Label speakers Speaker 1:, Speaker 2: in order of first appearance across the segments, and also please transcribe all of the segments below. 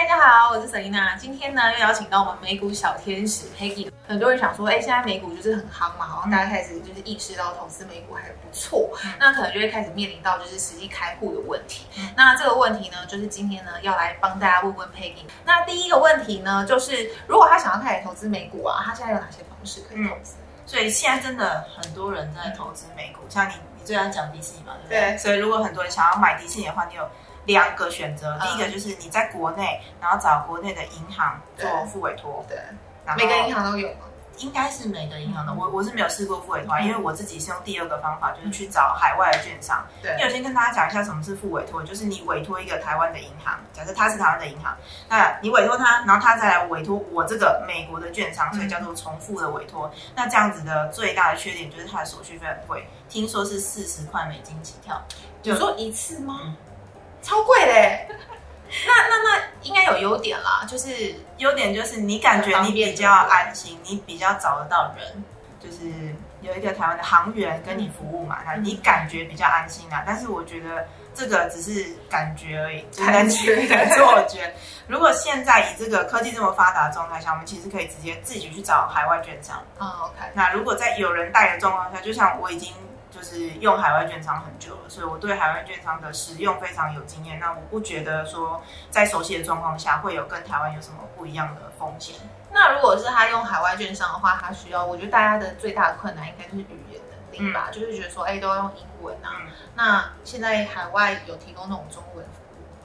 Speaker 1: 大家好，我是 Selena。今天呢，又邀請到我們美股小天使 Peggy。很多人想說，哎、欸，現在美股就是很夯嘛，然後大家開始就是意識到投資美股還不錯，那可能就會開始面臨到就是實際開戶的問題。那這個問題呢，就是今天呢要來幫大家問問 Peggy。那第一個問題呢，就是如果他想要開始投資美股啊，他現在有哪些
Speaker 2: 方式可以投資，嗯？所以現在真的很多人在投資美股，像你，你最想講迪士尼嘛，對不對，對？所以如果很多人想要買迪士尼的話，你有？兩個選擇，嗯、第一個就是你在國內，然後找國內的銀行做複委託。對，對然後每個銀行都有嗎？應該是每個銀行的。嗯、我我是沒有試過複委託，嗯、因為我自己是用第二個方法，就是去找海外的券商。對、嗯，我先跟大家講一下什麼是複委託，就是你委託一個台灣的銀行，假設他是台灣的銀行，那你委託他，然後他再來委託我這個美國的券商，所以叫做重復的委託。嗯、那這樣子的最大的缺點就是他的手續費很貴，聽說是四十塊美金起跳，有就說一次嗎？嗯超貴嘞，欸， 那那那應該有優點啦，就是優點就是你感覺你比較安心，你比較找得到人，就是有一個台灣的行員跟你服務嘛，嗯、你感覺比較安心啦，啊。嗯、但是我覺得這個只是感覺而已，感覺，可覺 是我覺得，如果現在以這個科技這麼發達的狀態下，我們其實可以直接自己去找海外券商。啊、哦、，OK。那如果在有人帶的狀況下，就像我已經。就是用海外券商很久了，所以我對海外券商的使用非常有經驗。那我不覺得說在熟悉的狀況下會有跟台灣有什麼不一樣的風險。
Speaker 1: 那如果是他用海外券商的話，他需要，我覺得大家的最大的困難應該就是語言能力吧，嗯、就是覺得說，哎，都要用英文啊。嗯、那現在海外有提供那種中文？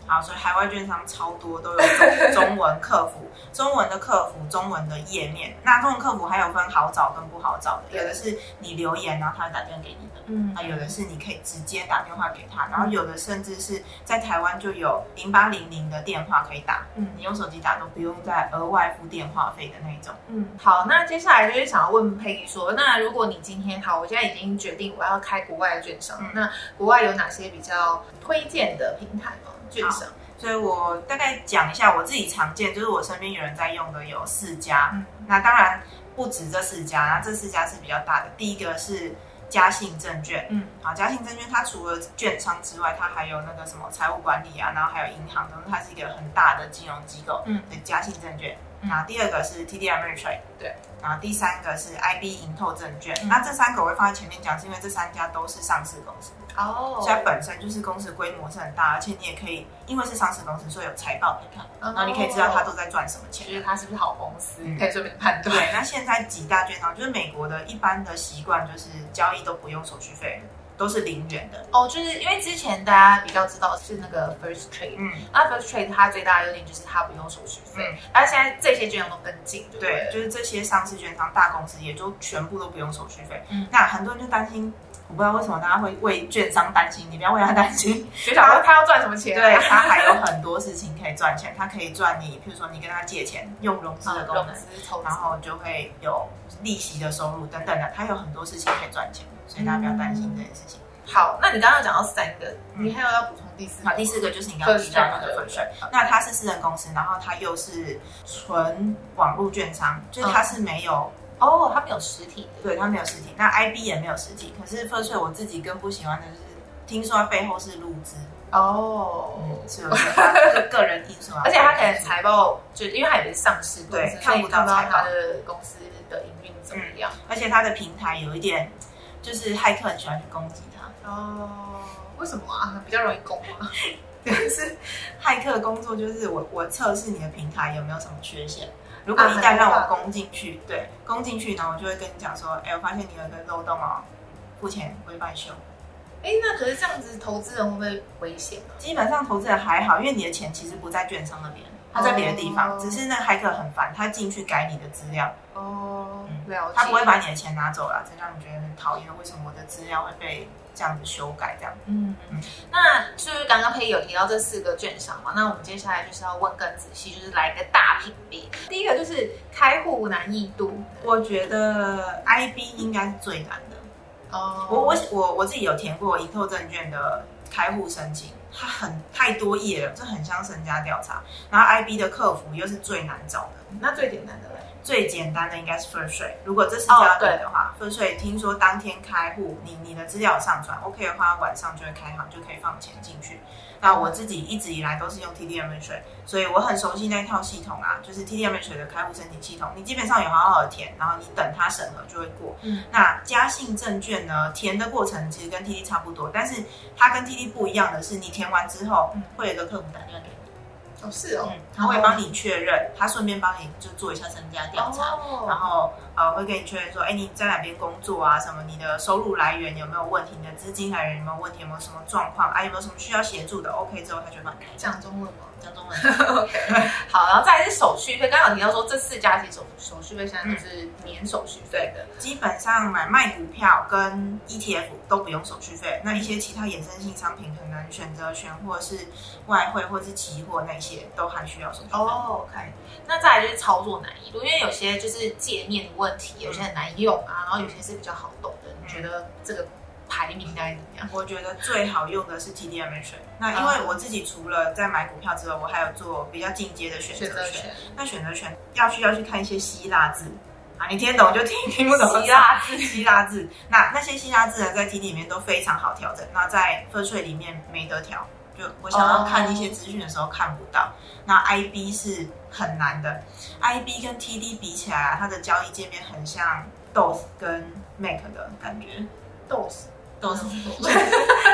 Speaker 2: 好，所以海外券商超多，都有中文客服、 中文的客服、中文的頁面。那中文客服還有分好找跟不好找的，有的是你留言，然後他會打電話給你的，嗯，啊，有的是你可以直接打電話給他，嗯、然後有的甚至是在台灣就有零八零零的電話可以打，嗯，你用手機打都不用再額外付電話費的那一種，嗯，好，那接下來就是想要問佩儀說，那如果你今天好，我現在已經決定我要開國外的券商，嗯、那國外有哪些比較推薦的平台呢？券商，所以我大概講一下我自己常見，就是我身邊有人在用的有四家，嗯、那當然不止這四家，那這四家是比較大的。第一個是嘉信證券，嗯，嘉信證券它除了券商之外，它還有那個什麼財務管理啊，然後還有銀行，等等，它是一個很大的金融機構，嗯，對，嘉信證券。那第二個是 T D Ameritrade，對，然後第三個是 I B 盈透證券。嗯、那這三個我會放在前面講，是因為這三家都是上市公司，哦，所以本身就是公司規模是很大，而且你也可以，因為是上市公司，所以有財報可以
Speaker 1: 看，然後你可以知道它
Speaker 2: 都在賺什麼錢，其實它是不是好公司，你可以這邊判斷。對，那現在幾大券商，就是美國的一般的習慣，就是交易都不用手續費。都是零元的哦，
Speaker 1: 就是因為之前大家比較知道是那個 first trade，嗯，那 first trade 它最大的優點
Speaker 2: 就是它不用手續費，那、嗯、現在這些券商都跟進，對，就是這些上市券商大公司也就全部都不用手續費，嗯，那很多人就擔心，我不知道為什麼大家會為券商擔心，你不要為他擔心，嗯、它學長說他要賺什麼錢、啊？對，他還有很多事情可以賺錢，他可以賺你，比如說你跟他借錢用融資的功能，然後就會有利息的收入等等的，他有很多事情可以賺錢。所以大家不要擔心這件事情。好，那你剛剛講到三個，你還有要補充第四？好，第四個就是你要提到那個 Firstrade。那它是私人公司，然後它又是純網絡券商，就是它是沒有哦，它沒有實體的，對，它沒有實體。那 IB 也沒有實體，可是 Firstrade 我自己更不喜歡的是，聽說它背後是陸資哦，是
Speaker 1: 不是？
Speaker 2: 個人聽說，而且它可能財報就因為它也是上市公司，對，看不到它的
Speaker 1: 公司的營運怎麼樣，
Speaker 2: 而且它的平台有一點。就是駭客很喜歡去攻擊他
Speaker 1: 哦，為什麼啊？比
Speaker 2: 較容易攻啊。對， 是駭客的工作就是我我測試你的平台有沒有什麼缺陷，如果一旦讓我攻進去，啊、對，攻進去，然後我就會跟你講說，哎、欸，欸、我發現你有一個漏洞哦，付錢會幫修。哎、欸，那可是這樣子，投資人會不會危險，啊、基本上投資人還好，因為你的錢其實不在券商那邊。他在別的地方，oh, 只是那黑客很煩，他進去改你的資料。哦，
Speaker 1: 了解。他不會把你的
Speaker 2: 錢拿走了，真讓你覺得很討厭。為什麼我的資料會被這樣子修改？這樣，嗯
Speaker 1: 嗯。嗯，那是不是剛剛可以有提到這四個券商嘛？那我們接下來就是要問更仔細，就是來一個大評比。第一個就是開戶難易度，
Speaker 2: 我覺得 IB 應該是最難的。
Speaker 1: 哦、oh.，
Speaker 2: 我我我我自己有填過盈透證券的。開戶申請它很太多頁了，這很像身家調查，然後 IB 的客服又是最難找的，
Speaker 1: 那最簡單的呢？
Speaker 2: 最簡單的應該是 Firstrade，如果這是要對的話，分、oh, 對水聽說當天開戶，你你的資料上傳 OK 的話，晚上就會開好，就可以放錢進去。嗯、那我自己一直以來都是用 TD Ameritrade，所以我很熟悉那套系統啊，就是 TD Ameritrade 的開戶申請系統，你基本上有好好的填，然後你等它審核就會過。嗯、那嘉信證券呢，填的過程其實跟 TD 差不多，但是它跟 TD 不一樣的是，你填完之後，嗯、會有一個客服打電話給你。嗯是哦，嗯，他會幫你確認，他順便幫你就做一下身家調查，Oh. 然後、呃、會給你確認說，哎，你在哪邊工作啊？什麼？你的收入來源有沒有問題？你的資金來源有沒有問題？有沒有什麼狀況？哎、啊，有沒有什麼需要協助的？OK 之後，他就幫你開講中文嗎？ Okay. 好，然後再來是手續費。剛剛提到說，這四家庭手手續費現在都是免手續費的。嗯，基本上買賣股票跟 ETF 都不用手續費。那一些其他衍生性商品很難選選，可能選擇權或者是外匯或者是期貨那些，都還需
Speaker 1: 要手續費。哦、oh, OK。那再來就是操作難易度，因為有些就是界面的問題，有些很難用啊，然後有些是比較好懂的。你覺得這個？排名還是怎樣？我覺得
Speaker 2: 最好用的是 T D 慣 n 那因為我自己除了在買股票之外，我還有做比較進階的選擇權。選選那選擇權要需要去看一些希臘字啊，你聽得懂就聽，聽不懂 希臘字希臘字。那那些希臘字呢，在 T D 裡面都非常好調整。那在 v 稅裡面沒得調，就我想要看一些資訊的時候看不到。那 I B 是很難的。I B 跟 T D 比起來、啊，它的交易界面很像 DOS 跟 Mac 的感覺。DOS 夠重複，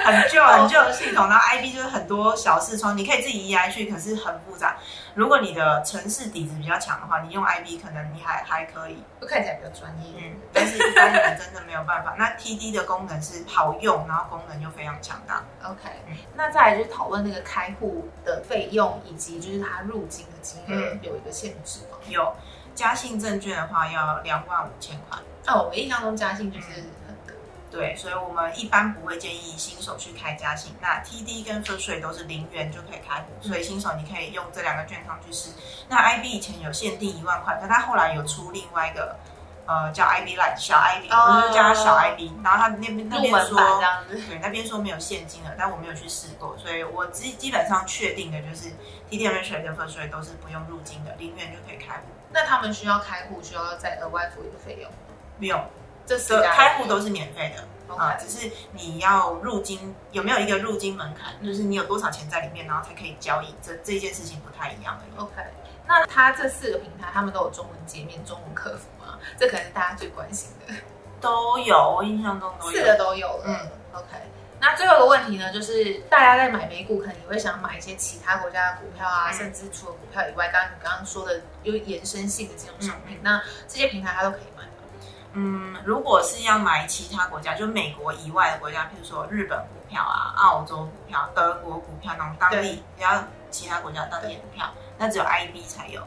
Speaker 2: 很舊很舊的系統，然後 IB 就是很多小視窗，你可以自己 DIY 去，可是很複雜。如果你的程式底子比較強的話，你用 IB 可能你還還可以，不看起來比較專業。嗯，但是一般人真的沒有辦法。 那 TD 的功能是好用，然後功能又非常強大。OK，、嗯、那再來就是討論那個開戶的費用，以及就是它入金的金額有一個限制、嗯、有，嘉信證券的話要兩萬五千塊。
Speaker 1: 哦，我印象中嘉信就是、嗯。
Speaker 2: 對，所以我們一般不會建議新手去開嘉信。那 TD 跟 Firstrade 都是零元就可以開戶，所以新手你可以用這兩個券商去試。那 IB 以前有限定一萬塊，可他後來有出另外一個，呃，叫 IB Lite，小 IB，我、哦、小 IB、哦。然後他那邊那邊說，對，那邊說沒有現金了，但我沒有去試過，所以我基基本上確定的就是 TD、Firstrade 跟 Firstrade 都是不用入金的，零元就可以開戶。
Speaker 1: 那他們需要開戶需要再額外付一個費用
Speaker 2: 嗎？沒有。這開戶都是免費的 Okay. 啊，只是你要入金有沒有一個入金門檻？就是你有多少錢在裡面，然後才可以交易。這這件事情不太一樣的。
Speaker 1: OK，那它這四個平台，他們都有中文界面、中文客服嗎？這可能是大家最關心的。都有，我印象中都有四個都有嗯，OK。那最後一個問題呢，就是大家在買美股，可能也會想買一些其他國家的股票啊，嗯、甚至除了股票以外，剛剛你剛剛說的有延伸性的金融商品，嗯嗯那這些平台它都可以買
Speaker 2: 嗯，如果是要買其他國家，就美國以外的國家，譬如說日本股票啊、澳洲股票、德國股票那種當地你要對其他國家當地的票，那對只有 IB 才有，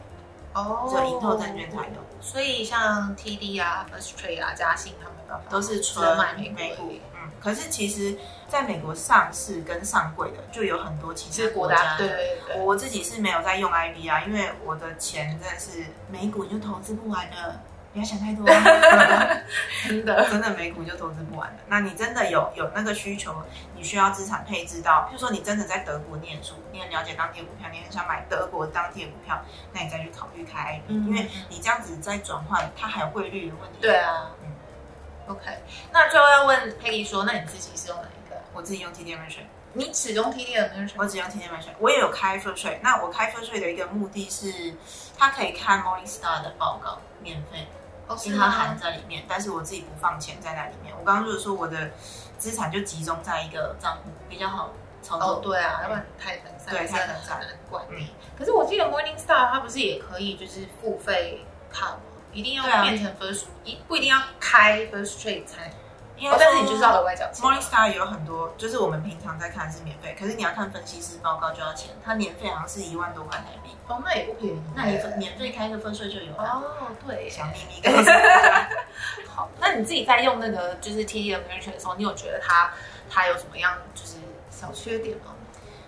Speaker 1: 哦對，只有盈透證券才有。哦、所以像 TD 啊、Australia、啊、嘉信、啊、他們的都是除了買美股。嗯，
Speaker 2: 可是其實在美國上市跟上櫃的就有很多其他國家，國家對，對，對，對，我自己是沒有在用 IB 啊，因為我的錢真的是美股就投資不完的。不要想太多、啊， 真的真的美股就投資不完了。 那你真的有有那個需求，你需要資產配置到，譬如說你真的在德國唸書，你很了解當地的股票，你很想買德國當地的股票，那你再去考慮開，因為你這樣子在轉換，它還有匯率的問題。對啊，嗯。OK，那最後要問佩儀說，那你自己是用哪一個？我自己用 TD Ameritrade。你始終 TD Ameritrade。我只用 TD Ameritrade。我也有開 Firstrade，那我開 Firstrade 的一個目的是，它可以看 Morningstar 的報告，免費。Okay. 因為他含在裡面，但是我自己不放錢在那裡面。我剛剛就是說我的資產就集中在一個賬戶比較好操作。哦，oh, 對啊，要不然
Speaker 1: 太分散，對太分
Speaker 2: 散了。管理。嗯、可是我記得 Morningstar 它不是也可以就是付費看嗎？一定要變成 first，、啊、一不一定要開 Firstrade 才。
Speaker 1: 因為但是你就是
Speaker 2: 要外交 Morningstar 有很多，就是我們平常在看是免費，可是你要看分析師報告就要錢。它年費好像是一萬多塊台幣。哦，那也不便宜。那你免費開一個分稅就有。
Speaker 1: 哦，對，小祕密。好，那你自己在用那個就是 T D 的 Morningstar 的時候，你有覺得它它有什麼樣就是小缺點嗎？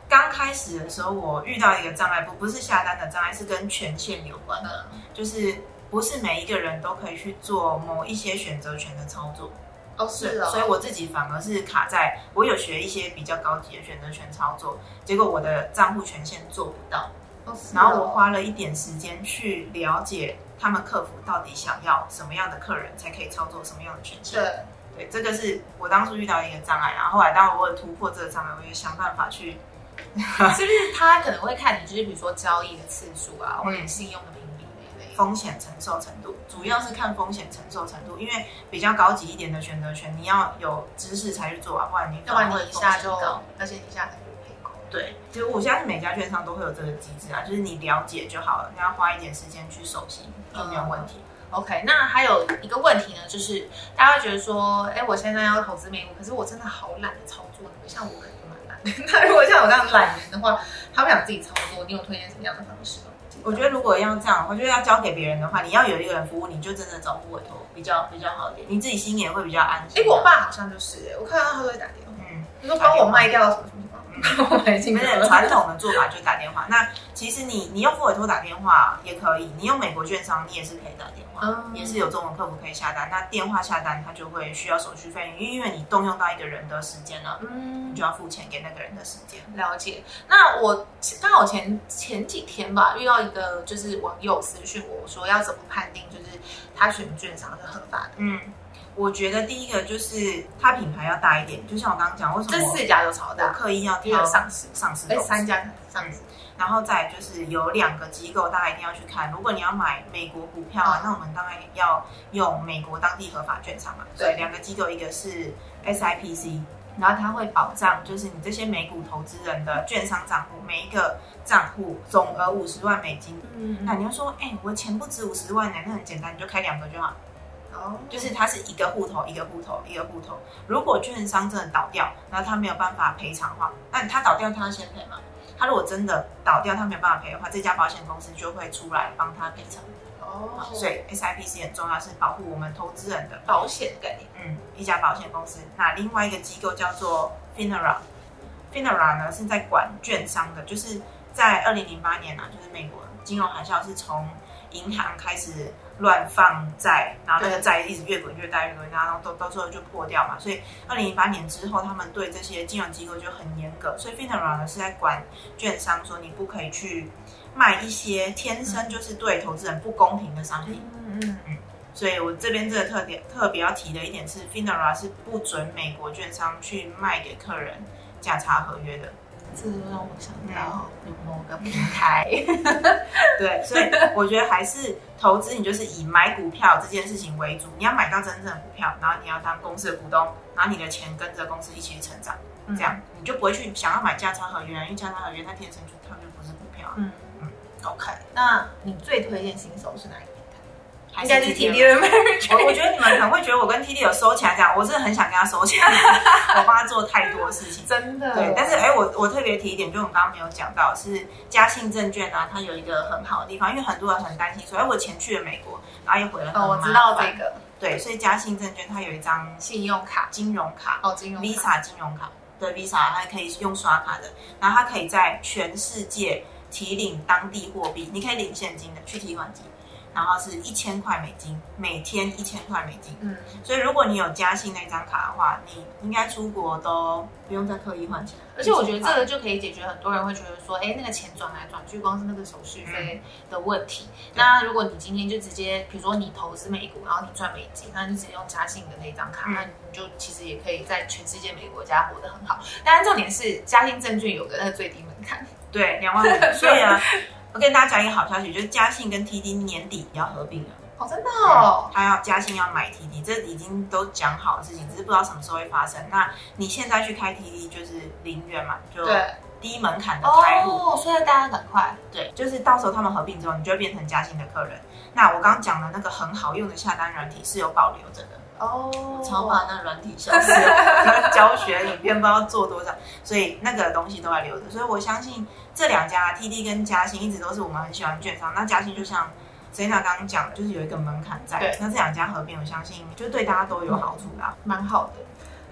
Speaker 2: 剛開始的時候，我遇到一個障礙，不不是下單的障礙，是跟權限有關的。就是不是每一個人都可以去做某一些選擇權的操作。
Speaker 1: Oh, 對哦，是，所以我自己
Speaker 2: 反而是卡在，我有學一些比較高級的選擇權操作，結果我的賬戶權限做不到。哦，
Speaker 1: 是。然後我
Speaker 2: 花了一點時間去了解他們客服到底想要什麼樣的客人才可以操作什麼樣的權限。是對，這個是我當初遇到一個障礙，然後後來當我突破這個障礙，我也想辦法去。就 是，是他可能會看你，就是比如說交易的次數啊，或者信用的。風險承受程度，主要是看風險承受程度，嗯、因為比較高級一點的選擇權，你要有知識才去做啊，不然你斷了一,一下就，而且一下子就賠空。對，對其實我現在每家券商，都會有這個機制啊，就是你了解就好了，你要花一點時間去熟悉就沒有問題、嗯。OK，那還有一個問題
Speaker 1: 呢，就是大家會覺得說，哎，我現在要投資美股，可是我真的好懶得操作，像我可能就蠻懶的。那如果像我這樣懶人的話，他不想自己操作，你有推薦什麼樣的方式嗎？
Speaker 2: 我覺得如果要這樣的話，我覺得要交給別人的話，你要有一個人服務，你就真的找不委託比較比較好一點，你自己心裡也會比較安心、啊。哎、欸，我爸好像就
Speaker 1: 是、欸，我看到他都會打電話，嗯，你說幫我賣掉什麼什麼。
Speaker 2: 不是傳統的做法就是打電話。 那其實你你用複委託打電話也可以，你用美國券商，你也是可以打電話，嗯、也是有中文客服可以下單。那電話下單它就會需要手續費，因為因為你動用到一個人的時間了，嗯，你就要付錢給那個人的時間。了解。那我剛好前前幾天吧，遇到一個就是網友私訊我說要怎麼判定，就是他選券商是合法的，嗯。我覺得第一個就是它品牌要大一點，就像我剛剛講，為什麼這四家都超大？我刻意要挑上市，上市，哎，三家上市，然後再就是有兩個機構大家一定要去看。如果你要買美國股票啊，嗯、那我們當然要用美國當地合法券商嘛。對、嗯，所以兩個機構，一個是 SIPC，、嗯、然後它會保障就是你這些美股投資人的券商賬戶，每一個賬戶總額五十萬美金。嗯嗯。那你要說，哎、欸，我錢不止五十萬呢、欸？那很簡單，你就開兩個就好。就是它是一個戶頭，一個戶頭，一個戶頭。如果券商真的倒掉，那他它沒有辦法賠償的話，那它倒掉，它先賠嘛。它如果真的倒掉，它沒有辦法賠的話，這家保險公司就會出來幫他賠償。哦、啊，所以 S I P C 很重要，是保護我們投資人的保險概念。嗯，一家保險公司，那另外一個機構叫做 Finra，Finra 呢是在管券商的，就是在二零零八年吶、啊，就是美國金融海嘯是從。銀行開始亂放債，然後那個債一直越滾越大越多，然後到到時候就破掉嘛。所以二零零八年之後，他們對這些金融機構就很嚴格。所以 FINRA 呢，是在管券商，說你不可以去賣一些天生就是對投資人不公平的商品。嗯嗯嗯、嗯。所以我這邊這個特點特別要提的一點是，FINRA 是不准美國券商去賣給客人價差合約的。這就讓我想到有某個平台，嗯， 對，所以我覺得還是投資，你就是以買股票這件事情為主。你要買到真正的股票，然後你要當公司的股東，拿你的錢跟着公司一起去成長，這樣你就不會去想要買價差合約，因為價差合約它天生就它就不是股票，啊，嗯嗯，OK，那你最推薦新手是哪一個？是提 我，我覺得你們可能會覺得我跟 T D 有收起來講，我是很想跟他收起來， 我幫他做太多事情，真的、
Speaker 1: 哦。對，但是哎、欸，
Speaker 2: 我我特別提一點，就我們剛剛沒有講到是嘉信證券啊，它有一個很好的地方，因為很多人很擔心說，哎，我錢去了美國，然後又回了很。哦，我知道這個。對，所以嘉信證券它有一張信用卡、金融卡、哦、oh, 金融卡、Visa 金融卡的 Visa，還可以用刷卡的，然後它可以在全世界提領當地貨幣，你可以領現金的去提款機。然後是一千塊美金，每天一千塊美金。嗯，所以如果你有嘉信那張卡的話，你應該出國都不用再刻意換
Speaker 1: 錢。而且我覺得這個就可以解決很多人會覺得說，哎，那個錢轉來轉去，光是那個手續費的問題。嗯、那如果你今天就直接，譬如說你投資美股，然後你賺美金，那你直接用嘉信的那張卡，嗯、那你就其實也可以在全世界每個國家活得很好。當然，重點是嘉信證券有個那個最低門檻，
Speaker 2: 對，兩萬五，所以啊。 我跟大家講一個好消息，就是嘉信跟 TD 年底要合併了。Oh,
Speaker 1: 哦，真的、嗯？
Speaker 2: 哦。他要嘉信要買 TD，這已經都講好的事情，只是不知道什麼時候會發生。那你現在去開 TD 就是零元嘛，就對，低門檻的開戶，oh, 所以大家趕快。對，就是到時候他們合併之後，你就會變成嘉信的客人。那我剛剛講的那個很好用的下單軟體是有保留着的。哦，超滿、oh, 那軟體下，教學影片不知道做多少， 所以那個東西都還留着。所以我相信這兩家，TD 跟嘉信一直都是我們很喜歡券商。那嘉信就像 Selena 剛剛講就是有一個門檻在。對那這兩家合併，我相信
Speaker 1: 就對大家都有好處的，蠻、嗯、好的。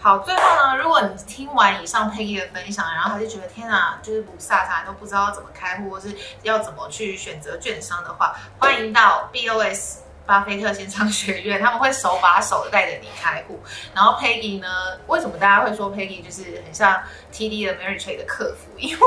Speaker 1: 好，最後呢，如果你聽完以上佩儀的分享，然後還是覺得天啊，就是霧煞煞都不知道怎麼開戶，或是要怎麼去選擇券商的話，歡迎到 BOS。巴菲特線上學院，他們會手把手的帶着你開戶。然後 Peggy 呢？為什麼大家會說 Peggy 就是很像 TD 的 Ameritrade 的客服？因為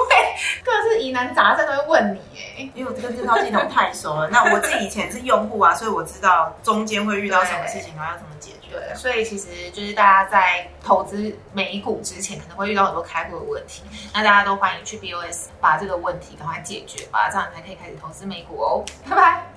Speaker 1: 各式疑難雜症都會問你哎。因為我這套系統太
Speaker 2: 熟了。 那我自己以前是用戶啊，所以我知道中間會遇到什麼事情，然後要怎麼
Speaker 1: 解決。對。所以其實就是大家在投資美股之前，可能會遇到很多開戶的問題。那大家都歡迎去 BOS 把這個問題趕快解決吧，把這樣才可以開始投資美股哦。拜拜。